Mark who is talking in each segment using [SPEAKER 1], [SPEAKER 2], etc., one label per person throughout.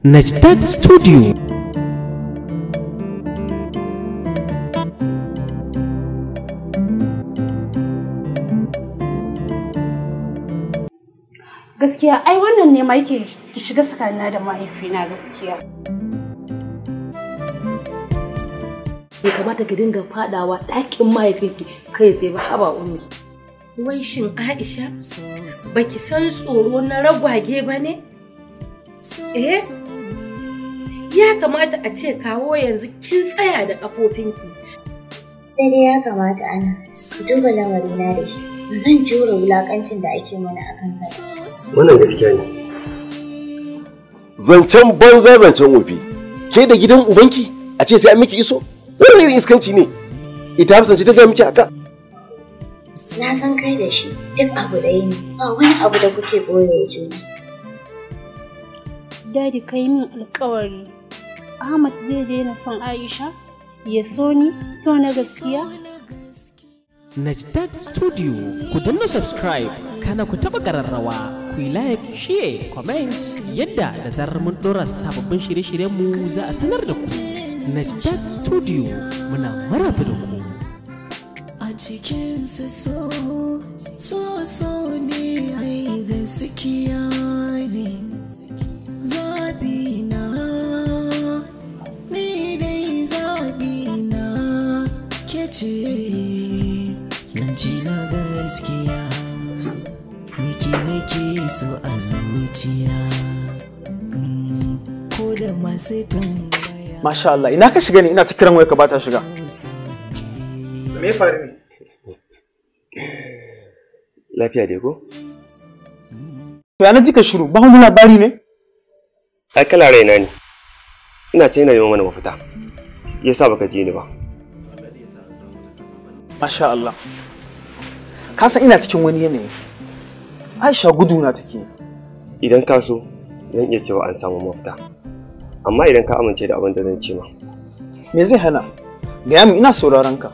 [SPEAKER 1] Najdad Studio.
[SPEAKER 2] Gaskiya ai wannan ne ma yake ki shiga tsakanina da mahaifina
[SPEAKER 3] gaskiya. Bai kamata ki dinga fadawa ɗakin mahaifinki kai tsaye ba haba ummi.
[SPEAKER 4] Wai shin Aisha baki san tsoro na ragwage ba ne? Eh? ya kamata a ce kawo yanzu kin tsaya da ƙafofinki. Sai dai ya kamata Anas, ku duba na da shi. Ba zan jure wulaƙancin
[SPEAKER 5] da ake mana a kansa.
[SPEAKER 6] Wannan gaskiya ne. Zancen banza zancen wofi. Ke da gidan ubanki a ce sai an miki iso? Wannan irin iskanci ne. Ita Hafsan ce ta gaya miki haka.
[SPEAKER 2] Na san kai da shi duk abu ɗaya
[SPEAKER 5] ne ba wani abu da kuke ɓoye juna.
[SPEAKER 2] Dadi kai min alkawari Ahmad zai daina son Aisha ya so ni so na gaskiya?
[SPEAKER 5] Najdad Studio ku danna subscribe
[SPEAKER 6] kana ku taɓa ƙararrawa ku yi like, share, comment yadda da zarar mun ɗora sababbin shirye-shiryenmu za a sanar da ku. Najdad Studio
[SPEAKER 1] muna maraba da ku. A cikin so, so so ne ai sikiya ne zabi Mm,
[SPEAKER 5] Masha Allah ina ka shiga ne ina ta kiran wai ka bata shiga Me faru ne? Lafiya dai ko? To yana ka shiru ba mu labari ne? Ai kala
[SPEAKER 7] raina ne. Ina ce yana neman mana mafita. Yasa baka ji ni ba.
[SPEAKER 5] Masha Allah. Ka san ina cikin wani yanayi. Aisha gudu na take.
[SPEAKER 7] Idan ka so zan iya cewa an samu mafita. Amma idan ka amince da abin da zan ce ma. Me zai hana? Gaya min ina sauraron ka.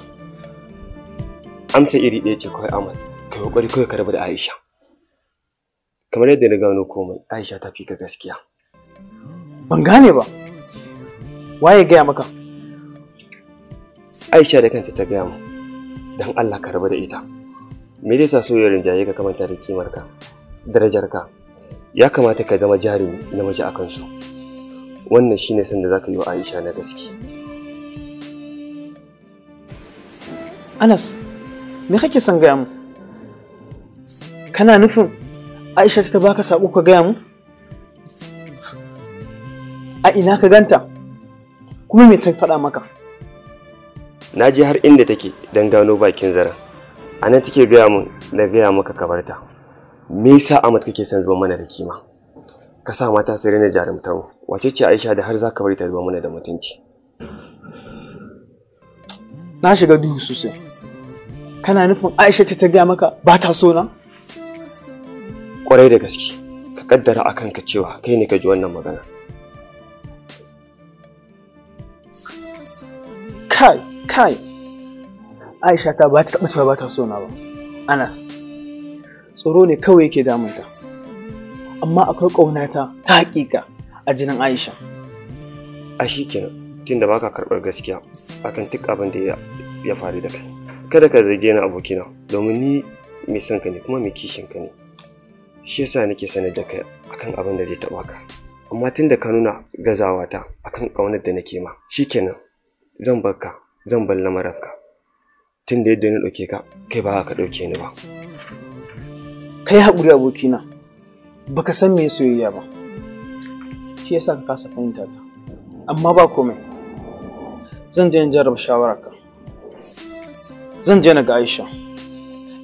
[SPEAKER 7] Amsa iri ɗaya ce kawai Ahmad. Kai kokari kawai ka rabu da Aisha. Kamar yadda na gano komai, Aisha ta fi ka gaskiya.
[SPEAKER 5] Ban gane ba. Waye gaya
[SPEAKER 7] maka? Aisha da kanta ta gaya mu. don Allah ka rabu da ita me zai sa soyayyar rinjaye ka kamanta da darajar darajarka ya kamata ka zama jari na namiji a kansu wannan shine san da zaka yi wa Aisha na gaske
[SPEAKER 5] Anas me kake son gaya mu kana nufin Aisha ta baka sako ka gaya mu a ina ka ganta kuma me ta faɗa maka
[SPEAKER 6] na
[SPEAKER 7] je har inda take don gano bakin zara, a nan take gaya min da gaya maka kabarta me yasa amat kake son zuba mana da kima ka sa mata su rena jarumtar mu wace ce aisha da har za ka bari ta zuba mana da mutunci
[SPEAKER 5] na shiga duhu sosai kana nufin aisha ce ta gaya maka ba ta so na
[SPEAKER 7] kwarai da gaske ka kaddara a kanka cewa kai ne ka ji wannan magana
[SPEAKER 5] kai kai aisha ta ba ta taɓa cewa ba ta so na ba anas tsoro ne kawai yake damunta amma akwai ƙaunata ta haƙiƙa a jinin aisha
[SPEAKER 7] a shi da ba baka karɓar gaskiya akan duk abin da ya faru da kai kada ka zarge ni abokina domin ni mai son ka ne kuma mai kishin ka ne shi yasa nake sanar da kai akan abin da zai taɓa ka amma tun da ka nuna gazawa ta akan ƙaunar da nake ma shikenan zan barka zan bar lamaranka tun da yadda na ɗauke ka kai ba ka ɗauke ni ba
[SPEAKER 5] kai haƙuri abokina baka san me soyayya ba shi yasa ka kasa fahimta ta amma ba komai zan je na jarraba shawararka zan je na ga aisha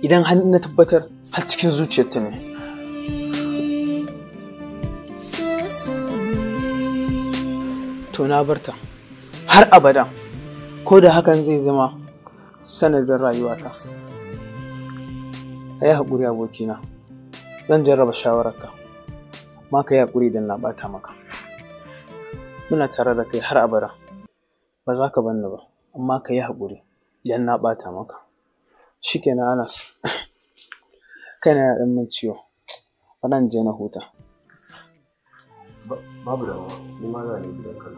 [SPEAKER 5] idan har na tabbatar har cikin zuciyarta ne to na barta har abada ko da hakan zai zama sanadin rayuwata a yi haƙuri abokina zan jarraba shawararka ma ka yi haƙuri don na ɓata maka muna tare da kai har abada ba za ka banna ba amma ka yi haƙuri idan na ɓata maka shikenan anas kai na ɗan min ciwo bana je na huta
[SPEAKER 6] babu da ma
[SPEAKER 7] ni ma za ni gidan kana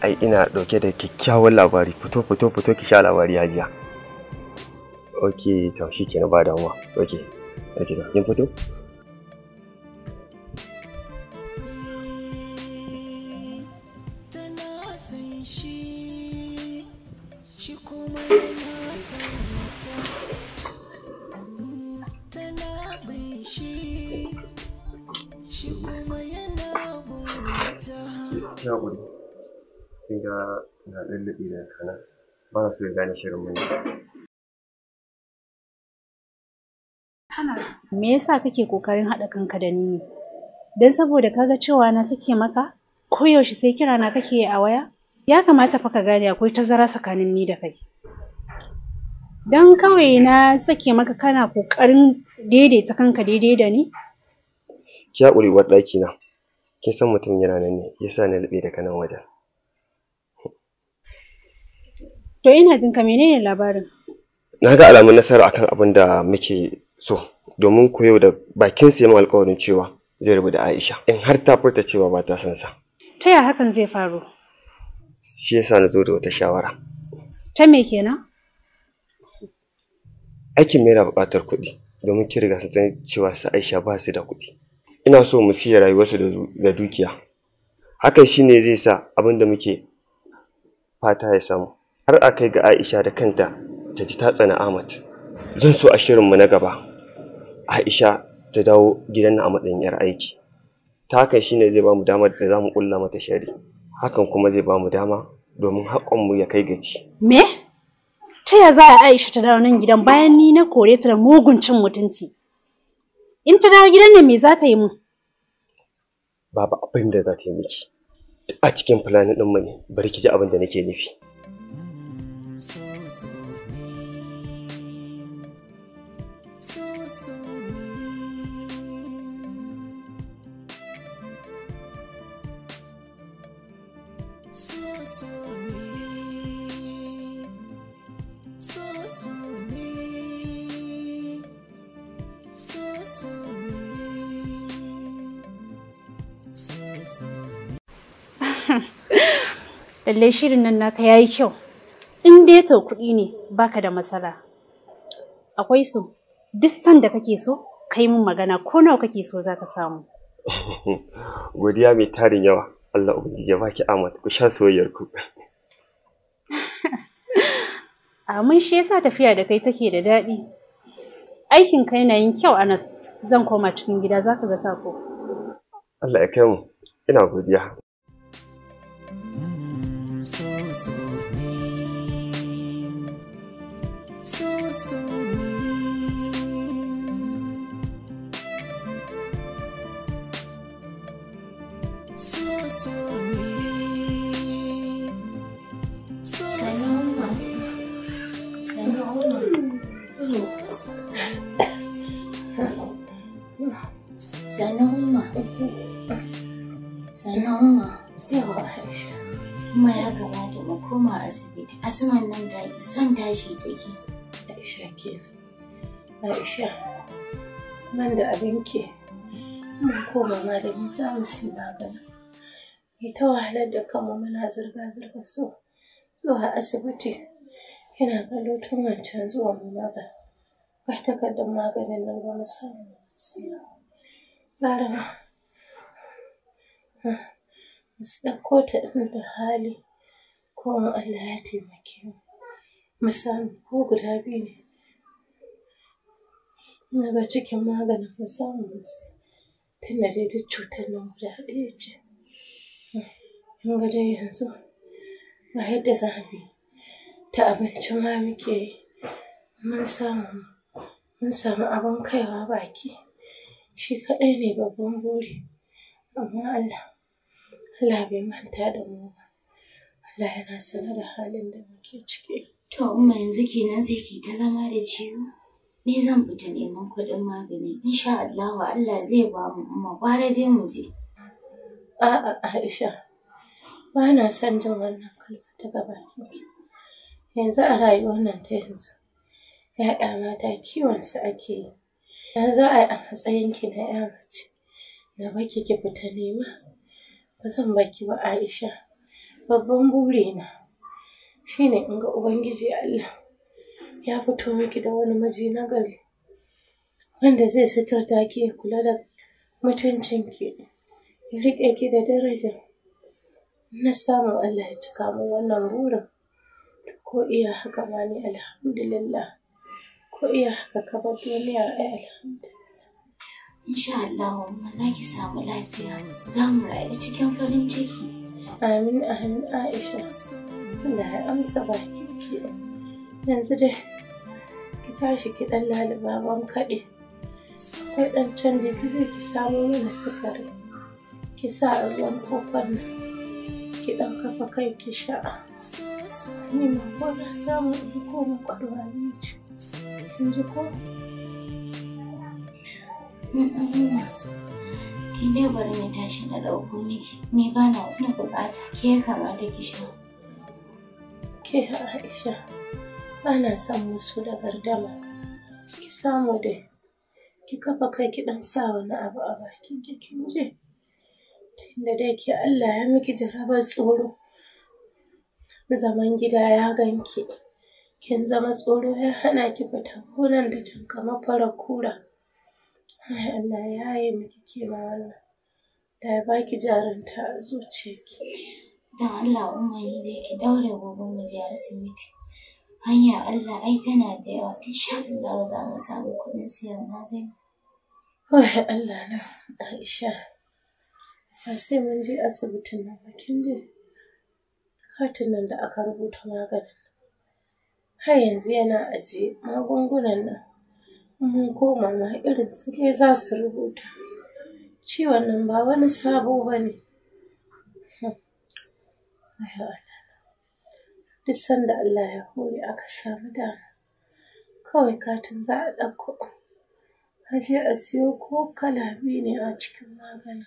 [SPEAKER 7] ai ina ɗauke da kyakkyawan labari fito fito fito ki sha labari hajiya ok to shi na ba damuwa ok ok to kin fito gaskiya na lulluɓe da kaina ba su ya gane shirin manya.
[SPEAKER 2] me yasa kake kokarin haɗa kanka da ni ne? Don saboda kaga cewa na sake maka? Koyaushe sai kira na kake a waya? Ya kamata fa ka gane akwai tazara tsakanin ni da kai. Don kawai na sake maka kana kokarin daidaita kanka daidai da ni?
[SPEAKER 7] Ki haƙuri ɗaki na. Kin san mutum yana nan ne, yasa na lube da kanan wajen.
[SPEAKER 2] To ina jin ka menene labarin?
[SPEAKER 7] Na ga alamun nasara akan abin da muke so domin ku yau da bakin sayan alkawarin alƙawarin cewa zai rubu da Aisha in har ta furta cewa ba ta san sa.
[SPEAKER 2] Ta ya hakan zai faru?
[SPEAKER 7] Shi yasa na zo da wata shawara.
[SPEAKER 2] Ta me kenan?
[SPEAKER 7] Aikin mai buƙatar kuɗi domin ki riga ta cewa sa Aisha ba su da kuɗi. Ina so mu siya rayuwarsu da dukiya. Hakan shine zai sa abin da muke fata ya samu. har a kai ga Aisha da kanta ta ji ta tsana Ahmad. Zan so a shirinmu na gaba, Aisha ta dawo gidan na a matsayin 'yar aiki. Ta kai shi ne zai ba mu dama da za mu ƙulla mata shari. Hakan kuma zai ba mu dama domin mu ya kai gaci.
[SPEAKER 2] Me? Ta ya za a Aisha ta dawo nan gidan bayan ni na kore ta da mugun cin mutunci? In ta dawo gidan ne me za ta yi
[SPEAKER 7] mu? Babu abin da za ta yi miki. a cikin fulani ɗinmu ne bari ki ji abin da nake nufi.
[SPEAKER 1] Lalle
[SPEAKER 2] shirin nan naka ya yi kyau in dai to kuɗi ne baka da matsala akwai su duk sanda kake so kai mun magana ko nawa kake so za ka samu
[SPEAKER 7] godiya mai tarin yawa Allah ubangiji ya baki amata ku sha soyayyar ku
[SPEAKER 2] amin shi yasa tafiya da kai take da daɗi aikin kai na yin kyau anas zan koma cikin gida za ka ga sako
[SPEAKER 7] Allah ya kai mu ina godiya
[SPEAKER 1] mm, so so so so
[SPEAKER 4] kuma ya gabata mu koma asibiti asiman nan da son tashi take aisha ke aisha ban da abinki mun koma ma da mu za mu si magana mai ta wahalar da kanmu muna zirga-zirga so zuwa asibiti yana kallo tun wancan zuwa mu ga takardar maganin nan ba mu samu larama su ah, ɗauko ta da hali ko Allah ya taimake mu musamman ko guda biyu ne na cikin maganin musamman tun da dai duk cutar nan guda ɗaya ce dai yanzu ba yadda za mu ta abinci ma muke yi mun samu mun samu abin kaiwa baki shi kaɗai ne babban buri amma Allah Allah bai manta da mu ba Allah yana sanar da halin da muke ciki to umma yanzu kenan sai ke ta zama da ciwo ni zan fita neman kuɗin magani insha Allah Allah zai ba mu dai mu je a'a Aisha ba na son jin wannan kalma ta daga kiki. yanzu a rayuwar nan ta yanzu ‘ya'ya mata kiwon su ake yi ya za a yi a matsayin ki na ‘ya mace na baki ki fita nema ba zan baki ba Aisha babban buri na shine in ga Ubangiji Allah ya fito miki da wani maji na gari wanda zai sitar ki ya kula da mutuncinki ya riƙe ki da daraja na samun Allah ya cika min wannan burin ko iya haka ma ni alhamdulillah ko iya haka ka bar duniya ai alhamdulillah insha Allah umma za ki samu lafiya za mu rayu cikin farin ciki amin amin Aisha Allah ya amsa baki yanzu dai ki tashi ki dan laluba ban kaɗe kai dan canji ki ki samu mana sukari ki sa ruwan kofar nan ki dan kafa kai
[SPEAKER 1] ki sha ni ma ko da samu in koma kwarwa ni ci Ni ji ko
[SPEAKER 4] ki ne bari ni tashi na dauko ni ni ba na wani bukata ke ya kamata ki sha ke Aisha ana son musu da gardama ki samu dai ki kafa kai ki dan sa wani abu a bakin ki kin je tunda da ke Allah ya miki jarabar tsoro zaman gida ya ganki kin zama tsoro ya hana ki fita gonan da can kama fara kura ai Allah ya yi miki kima wannan da ya baki jarunta a zuciyarki dan Allah umarni da ki daure gobe mu je asibiti hanya Allah ai tana da yawa insha Allah za mu samu kudin siyan magani ai Allah na Aisha ba sai mun je asibitin nan ba katin nan da aka rubuta maganin har yanzu yana ajiye magungunan nan mun koma ma irin su za su rubuta ciwon nan ba wani sabo ba ne duk sanda Allah ya hore aka samu dama kawai katin za a ɗauko a je a siyo ko kalabi ne a cikin maganin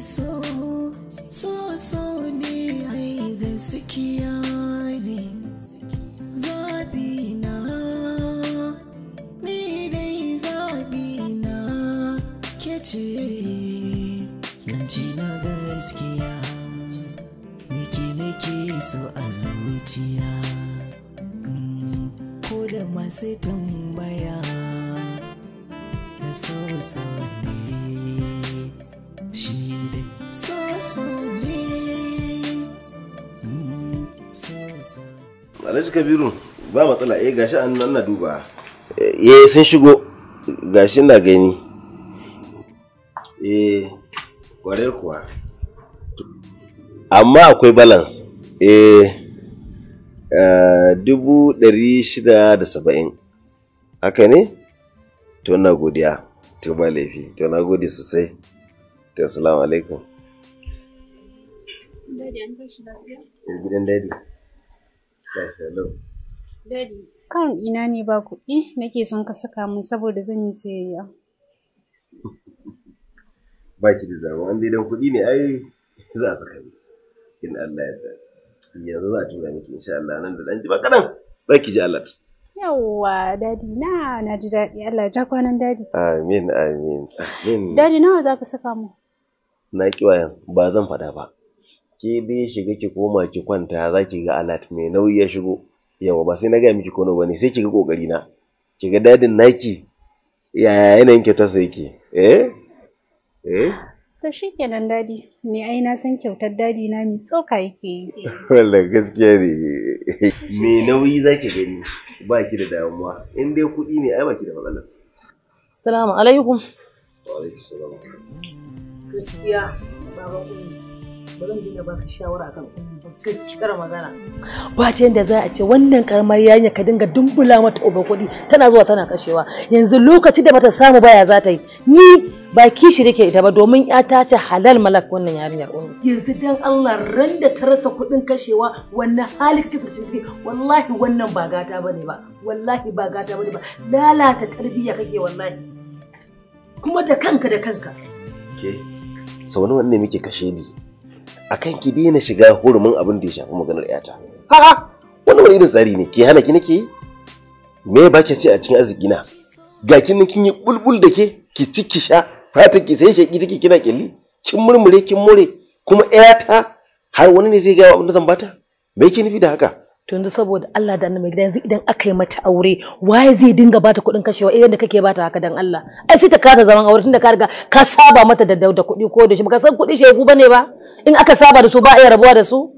[SPEAKER 1] su so so so ne ai gaskiya ne zabi na ni dai zabi na ke ce nan gaskiya nake nake so a zuciya mm, ko da masu tambaya na so ne shi dai so
[SPEAKER 6] Alhaji Kabiru ba matsala eh gashi an nan na duba eh sun shigo gashi na gani eh kwarar kuwa amma akwai balance eh, eh dubu ɗari shida da saba'in haka ne to na godiya to ba laifi to na gode sosai to asalamu alaikum
[SPEAKER 2] eh, gidan dadi dadi kan ina ne ba kuɗi nake son ka saka min saboda zan yi sayayya
[SPEAKER 6] ba ki da zama an daidan kuɗi ne ai za a saka ni in Allah ya yarda yanzu za a tura miki insha Allah nan da dan ji ba kadan za ki ji Allah ta
[SPEAKER 2] yawwa dadi na na ji daɗi Allah ja kwanan dadi
[SPEAKER 6] amin amin amin
[SPEAKER 2] dadi nawa za ka saka mu
[SPEAKER 6] na ƙi wayan ba zan faɗa ba ke dai shiga ki koma ki kwanta za ki ga alert mai nauyi ya shigo yawa ba sai na gaya miki kono bane sai ki ga kokari na ki ga dadin naki yaya yanayin kyautarsa yake eh eh
[SPEAKER 2] to shikenan dadi ni ai na san kyautar dadi na
[SPEAKER 3] mi tsoka yake yi
[SPEAKER 6] wallahi gaskiya ne me nauyi zaki gani ba ki da damuwa in dai kuɗi ne ai ba ki da matsalar
[SPEAKER 3] assalamu alaikum
[SPEAKER 6] wa alaikum
[SPEAKER 3] gaskiya baba bari mu dinga shawara akan yanda za a ce wannan karamar yanya ka dinga dumbula mata uba kuɗi tana zuwa tana kashewa yanzu lokaci da bata samu baya za ta yi ni ba kishi rike ita ba domin ya ta ce halal malak wannan yarinyar umu yanzu dan Allah ran da ta rasa kuɗin kashewa wannan halin kisa cikin wallahi wannan ba gata bane ba wallahi ba gata bane ba lalata tarbiyya kake wallahi kuma da kanka da kanka
[SPEAKER 6] sau wani ne muke kashe ni akan ki daina shiga hurumin abin da ya shafi maganar yata ha ha wani wani irin tsari ne ke hana ki nake me ba ki ce a cikin arziki na ga kin kin yi bulbul da ke ki ci ki sha fatan ki sai shaki take kina kelli kin murmure kin more kuma yata har wani ne zai ga abin da zan bata me yake nufi da haka
[SPEAKER 3] to yanzu saboda Allah da annabi yanzu idan aka yi mata aure waye zai dinga bata kuɗin kashewa eh yanda kake bata haka dan Allah ai sai ta kasa zaman aure tunda ka riga ka saba mata da da kuɗi ko da shi baka san kuɗi shegu bane ba in aka saba da su ba iya rabuwa da su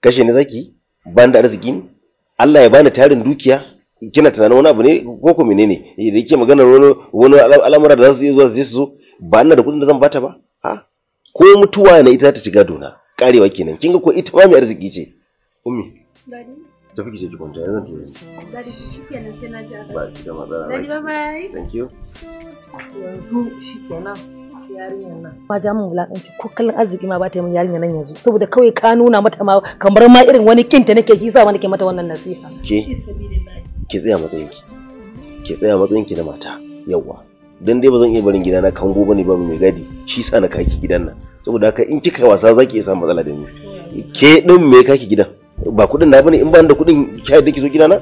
[SPEAKER 6] kashe ni zaki ban da arziki Allah ya bani tarin dukiya kina tunanin wani abu ne ko ko menene eh, da yake maganar wani wani al'amura da za su iya zuwa su zo ba ina da kuɗin da zan bata ba ha ko mutuwa ne ita ta shiga dona karewa kenan kinga ko ita ma mai arziki ce ummi tafi ki je ki kwanta yana tuni
[SPEAKER 3] dadi shikenan sai na a
[SPEAKER 2] ba
[SPEAKER 6] ki da matsala dadi bye bye thank you
[SPEAKER 3] yanzu nan ma ja min wulakanci ko kallon arziki ma ba ta yi min yarinyar nan yanzu saboda kawai ka nuna mata ma kamar ma irin wani kinta nake shi yasa ma nake mata wannan nasiha
[SPEAKER 6] ke ki tsaya matsayin ki ki tsaya matsayin ki da mata yawa dan dai ba zan iya barin gidana kango bane ba mai gadi shi sa na kaki gidan nan saboda haka in kika wasa zaki iya samu matsala da ni ke din me kaki gidan ba kudin na bane in ban da kudin ki haɗe ki zo gidana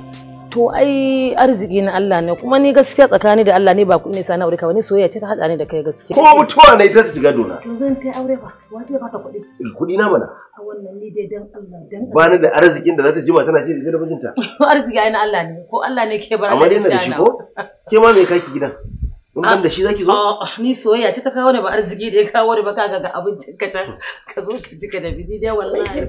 [SPEAKER 3] to ai arziki na Allah ne kuma ni gaskiya tsakani da Allah ne ba kudin ne sa na aure ka ba ni soyayya ce
[SPEAKER 6] ta haɗa ni da kai gaskiya k'o mutuwa ne ta shiga dona to zan kai aure ba wa sai baka kuɗi Kudi na mana a
[SPEAKER 3] wannan ni dai dan Allah dan ba ni
[SPEAKER 6] da arzikin da za ta jima tana ce da da mijinta
[SPEAKER 3] arziki ai na Allah ne ko Allah ne ke bar amma dai na da shi ko
[SPEAKER 6] ke ma me kaki gidan in ban da shi zaki
[SPEAKER 3] ni soyayya ce ta kawo ne ba arziki da ya kawo ne ba ka ga ka can ka zo ka da bidi dai wallahi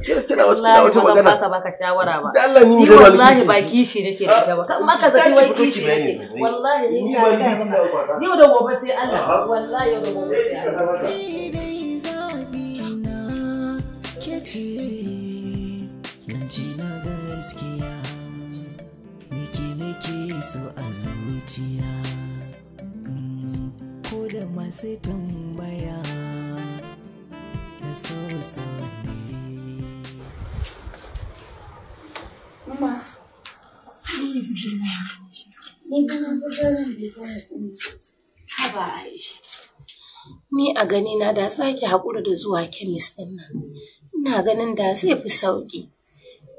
[SPEAKER 3] wata magana ba sa baka shawara ba Allah ni wallahi ba kishi nake da ba kan zaki wai kishi nake wallahi ga ba da gobe sai Allah
[SPEAKER 1] wallahi gobe sai Allah masu tambaya da so ne.
[SPEAKER 4] ni a gani na da sake haƙura da zuwa kemis ɗin nan. Ina ganin da zai fi sauƙi.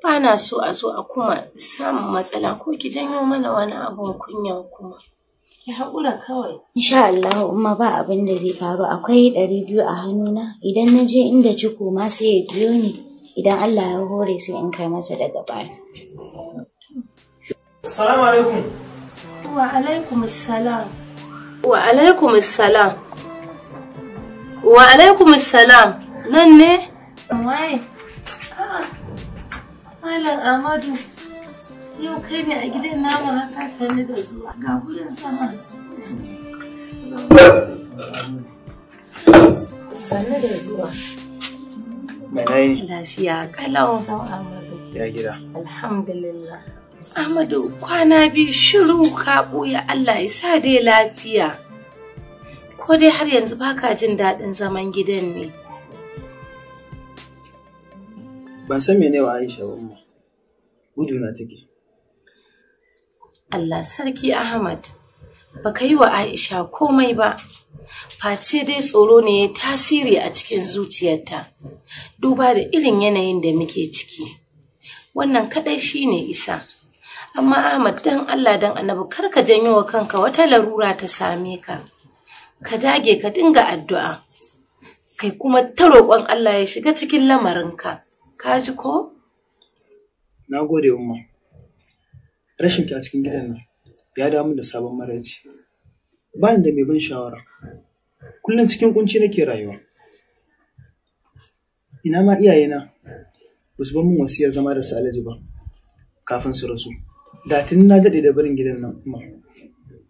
[SPEAKER 4] Ba na so a zo a kuma samun matsala ko ki janyo mana wani abun kunyan kuma. Ya haƙura kawai. Insha Allah umma ba abin da zai faru akwai ɗari biyu a hannuna idan na je inda ciko ma sai ya biyo ni idan Allah ya hore sai in kai masa daga baya. Salamu alaikum. Wa alaikum salam. Wa alaikum salam. Wa alaikum salam. Nan ne? Wai. Malam Amadu. Yau kai ne a gidan namu haka sani da zuwa ga gurin sama
[SPEAKER 5] Sani da zuwa. Menai.
[SPEAKER 4] Lafiya kalau Amadu. Ya gida. Alhamdulillah. Amadu kwana biyu shiru ka ɓuya Allah ya sa dai lafiya. Ko dai har yanzu baka jin daɗin zaman gidan ne.
[SPEAKER 5] Ban san mene wa Aisha ba Gudu na take.
[SPEAKER 4] Allah sarki Ahmad, baka yi wa Aisha komai ba, face dai tsoro ne ya tasiri a cikin zuciyarta, duba da irin yanayin da muke ciki. Wannan kaɗai shi ne isa, amma Ahmad don Allah don annabi ka janyo wa kanka wata larura ta same ka, ka dage ka dinga addu'a, kai kuma ta roƙon Allah ya shiga cikin
[SPEAKER 5] lamarinka, ka ji ko? Na gode, Umma. rashin ki a cikin gidan nan ya damu da sabon maraici ba da mai ban shawara kullum cikin kunci nake rayuwa ina ma iyayena ba su min wasiyar zama da salaji ba kafin su rasu da tun na daɗe da barin gidan nan kuma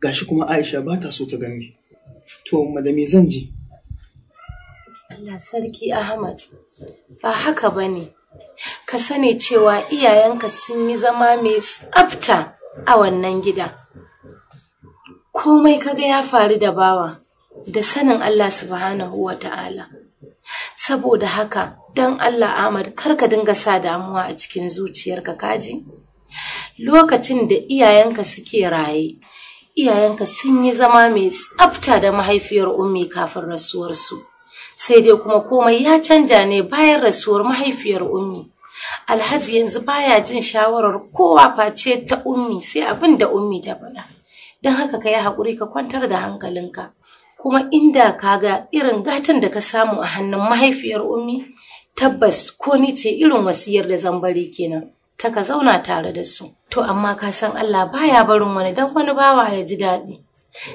[SPEAKER 5] gashi kuma aisha ba ta so ta gani to da me zan ji
[SPEAKER 4] Allah sarki Ahmad ba haka ba ne Ka sani cewa iyayenka sun yi zama mai tsafta a wannan gida. Komai kaga ya faru da bawa da sanin Allah subhanahu wa ta'ala. Saboda haka, don Allah Ahmad kar ka dinga sa damuwa a cikin zuciyarka kaji. Lokacin da iyayenka suke raye, iyayenka sun yi zama mai tsafta da mahaifiyar ummi kafin rasuwarsu. sai dai kuma komai ya canja ne bayan rasuwar mahaifiyar ummi alhaji yanzu baya jin shawarar kowa face ta ummi sai abin da ummi ta faɗa don haka ka yi haƙuri ka kwantar da hankalinka kuma inda ka ga irin gatan da ka samu a hannun mahaifiyar ummi tabbas ko ni ce irin wasiyar da zan bari kenan ta ka zauna tare da su to amma ka san Allah baya barin wani don wani bawa ya ji daɗi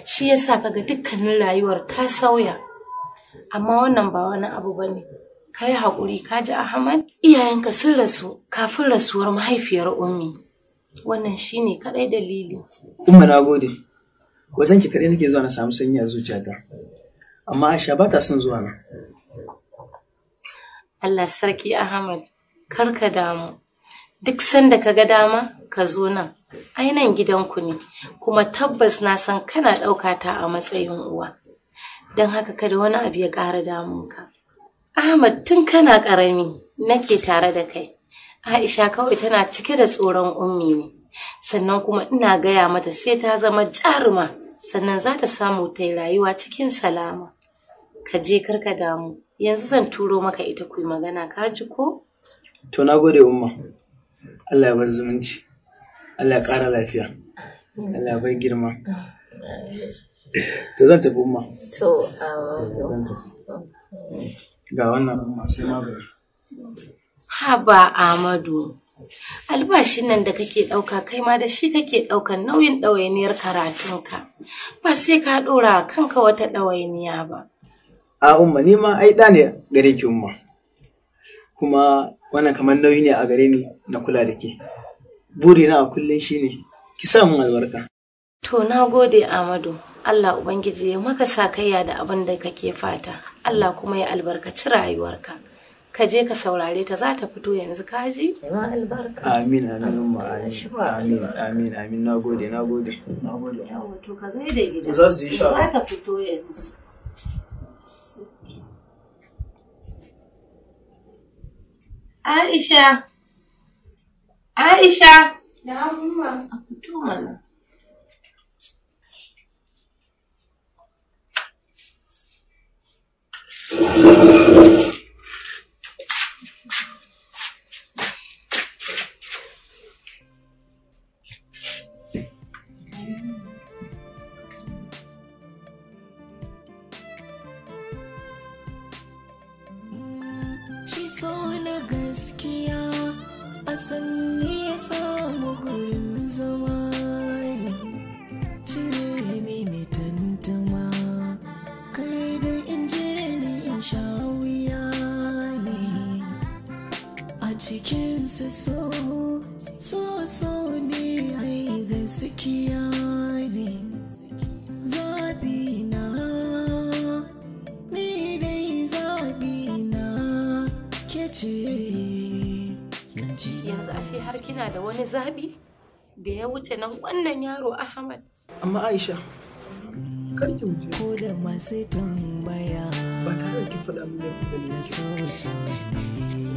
[SPEAKER 4] shi yasa ka ga dukkanin rayuwar ta sauya amma wannan ba wani abu ba ne ka yi haƙuri ka ji ahmad iyayenka sun rasu kafin rasuwar mahaifiyar ummi wannan shi ne kaɗai dalili
[SPEAKER 5] umma na gode wajen ki kaɗai nake zuwa na samu sanyi a zuciyata amma aisha ba ta son zuwa na
[SPEAKER 4] allah sarki ahmad kar ka damu duk sanda ka ga dama ka zo nan ai nan gidanku ne kuma tabbas na san kana ɗauka ta a matsayin uwa don haka kada wani abu ya ƙara damunka. Ahmad tun kana ƙarami nake tare da kai. Aisha kawai tana cike da tsoron ummi ne, sannan kuma ina gaya mata sai ta zama jaruma, sannan za ta samu ta yi rayuwa cikin salama. Ka je karka damu, yanzu zan turo maka ita ku magana ka ji ko?
[SPEAKER 5] To na gode umma, Allah ya bar zumunci, Allah ya ƙara lafiya, Allah ya bar girma. to zan tafi umma to ga wannan masu yi magani
[SPEAKER 4] haba amadu albashin nan da kake ɗauka kai ma da shi kake ɗaukan nauyin ɗawainiyar karatunka ba sai ka ɗora kanka wata ɗawainiya ba
[SPEAKER 5] a umma ni ma ai ɗa ne gare ki umma kuma wannan kamar nauyi ne a gare ni na kula da ke burina a kullum shi ne. ki sa mun albarka
[SPEAKER 4] to na gode amadu Allah Ubangiji ya maka sa kaiya da abin da kake fata, Allah kuma ya albarkaci rayuwarka. Ka je ka saurare ta za ta fito yanzu ka ji? albarka. Amin,
[SPEAKER 5] amin, amin, amin, amin, na gode, na gode, na gode. Yawon
[SPEAKER 4] to ka gaida gida. Za su yi sha. Za ta fito yanzu. Aisha. Aisha. Na amma. A fito mana. Thank you.
[SPEAKER 1] kansa so so so ne ai gaskiya ne zabi na ni dai zabi na ke ce yanzu ashe har
[SPEAKER 4] kina da wani zabi da ya wuce nan wannan yaro ahmad amma aisha karki mu ko da masu
[SPEAKER 1] tambaya ba tare da kin faɗa mun da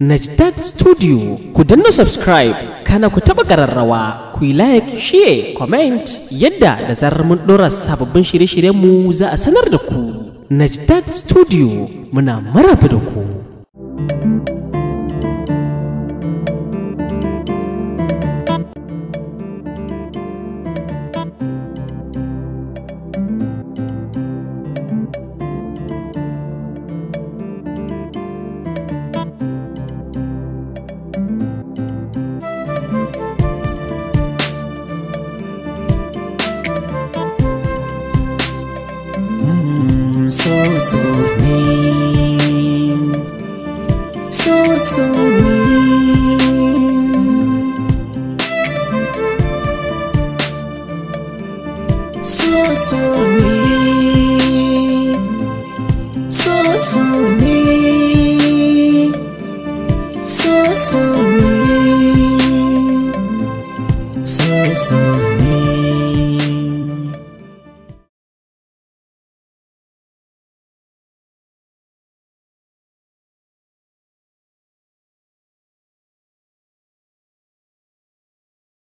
[SPEAKER 6] Najdad Studio ku danna subscribe kana ku taba gararrawa ku yi like share comment yadda da zarar mun dora sababbin shirye shiryen mu za a sanar da ku Najdad Studio muna maraba da ku
[SPEAKER 1] so name so